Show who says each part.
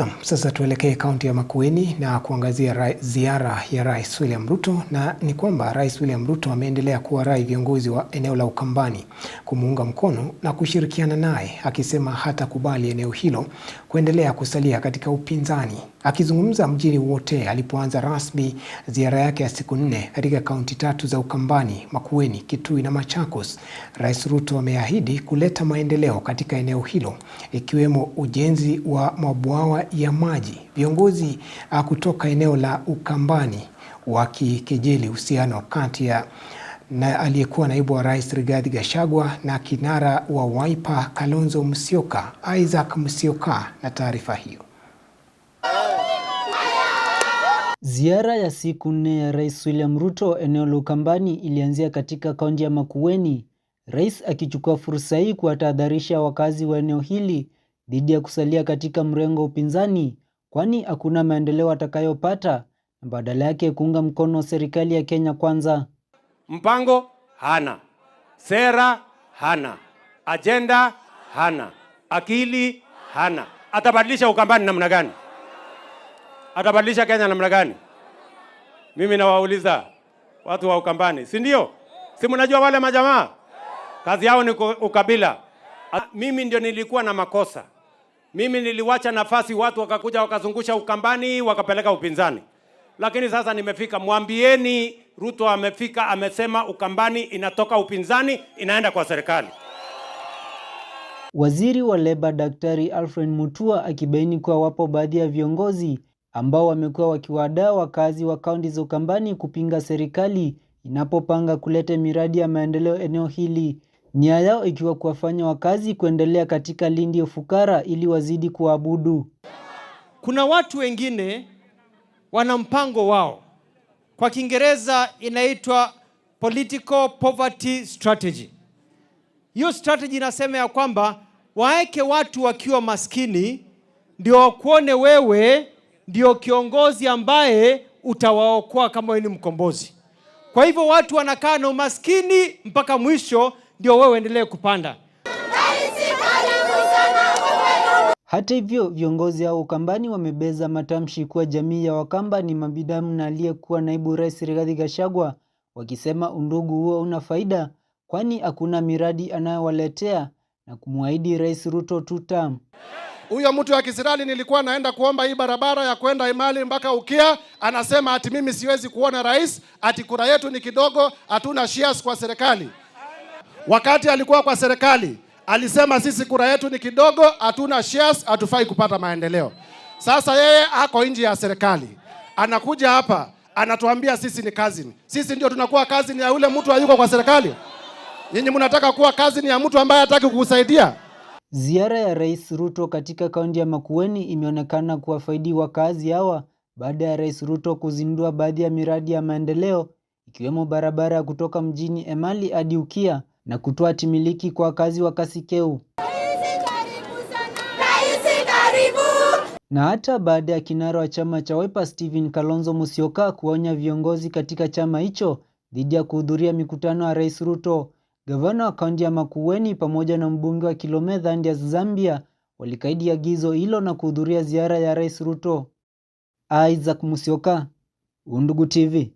Speaker 1: Na sasa tuelekee kaunti ya Makueni na kuangazia ziara ya Rais William Ruto, na ni kwamba Rais William Ruto ameendelea kuwarai viongozi wa eneo la Ukambani kumuunga mkono na kushirikiana naye, akisema hatakubali eneo hilo kuendelea kusalia katika upinzani. Akizungumza mjini Wote alipoanza rasmi ziara yake ya siku nne katika kaunti tatu za Ukambani, Makueni, Kitui na Machakos, Rais Ruto ameahidi kuleta maendeleo katika eneo hilo ikiwemo ujenzi wa mabwawa ya maji, viongozi ah, kutoka eneo la Ukambani wakikejeli uhusiano kati ya na aliyekuwa naibu wa rais Rigathi Gachagua na kinara wa Wiper Kalonzo Musyoka, Isaac Musyoka na taarifa hiyo.
Speaker 2: Ziara ya siku nne ya Rais William Ruto eneo la Ukambani ilianzia katika kaunti ya Makueni, rais akichukua fursa hii kuwatahadharisha wakazi wa eneo hili dhidi ya kusalia katika mrengo wa upinzani, kwani hakuna maendeleo atakayopata na badala yake kuunga mkono serikali ya Kenya Kwanza.
Speaker 3: Mpango hana, sera hana, ajenda hana, akili hana. Atabadilisha Ukambani namna gani? Atabadilisha Kenya namna gani? Mimi nawauliza watu wa Ukambani, si ndio? Si mnajua wale majamaa kazi yao ni ukabila. Mimi ndio nilikuwa na makosa. Mimi niliwacha nafasi watu wakakuja wakazungusha Ukambani wakapeleka upinzani, lakini sasa nimefika. Mwambieni Ruto amefika, amesema Ukambani inatoka upinzani inaenda kwa serikali.
Speaker 2: Waziri wa leba Daktari Alfred Mutua akibaini kuwa wapo baadhi ya viongozi ambao wamekuwa wakiwadaa wakazi wa kaunti za Ukambani kupinga serikali inapopanga kuleta miradi ya maendeleo eneo hili nia yao ikiwa kuwafanya wakazi kuendelea katika lindi ya ufukara ili wazidi kuabudu.
Speaker 4: Kuna watu wengine wana mpango wao, kwa Kiingereza inaitwa political poverty strategy. Hiyo strategy inasema ya kwamba waeke watu wakiwa maskini ndio wakuone wewe ndio kiongozi ambaye utawaokoa kama wewe ni mkombozi. Kwa hivyo watu wanakaa na umaskini mpaka mwisho ndio wewe uendelee kupanda.
Speaker 2: Hata hivyo viongozi hao Ukambani wamebeza matamshi kuwa jamii ya Wakamba ni mabinamu na aliyekuwa naibu rais Rigathi Gachagua, wakisema undugu huo una faida, kwani hakuna miradi anayowaletea na kumwahidi Rais Ruto tutam.
Speaker 3: Huyo mtu wa Kisirali nilikuwa naenda kuomba hii barabara ya kwenda Imali mpaka Ukia, anasema ati mimi siwezi kuona rais, ati kura yetu ni kidogo, hatuna shares kwa serikali. Wakati alikuwa kwa serikali alisema sisi kura yetu ni kidogo, hatuna shares, hatufai kupata maendeleo. Sasa yeye ako nje ya serikali, anakuja hapa anatuambia sisi ni cousin. Sisi ndio tunakuwa cousin ya yule mtu hayuko kwa serikali? Nyinyi mnataka kuwa cousin ya mtu ambaye hataki kukusaidia?
Speaker 2: Ziara ya Rais Ruto katika kaunti ya Makueni imeonekana kuwafaidi wakazi hawa baada ya Rais Ruto kuzindua baadhi ya miradi ya maendeleo ikiwemo barabara ya kutoka mjini Emali hadi Ukia na kutoa timiliki kwa wakazi wa Kasikeu. Na hata baada ya kinara wa chama cha Wiper Steven Kalonzo Musyoka kuonya viongozi katika chama hicho dhidi ya kuhudhuria mikutano ya Rais Ruto, gavana wa kaunti ya Makueni pamoja na mbunge wa Kilomedha Andias Zambia walikaidi agizo hilo na kuhudhuria ziara ya Rais Ruto. Isaac Musyoka, Undugu TV.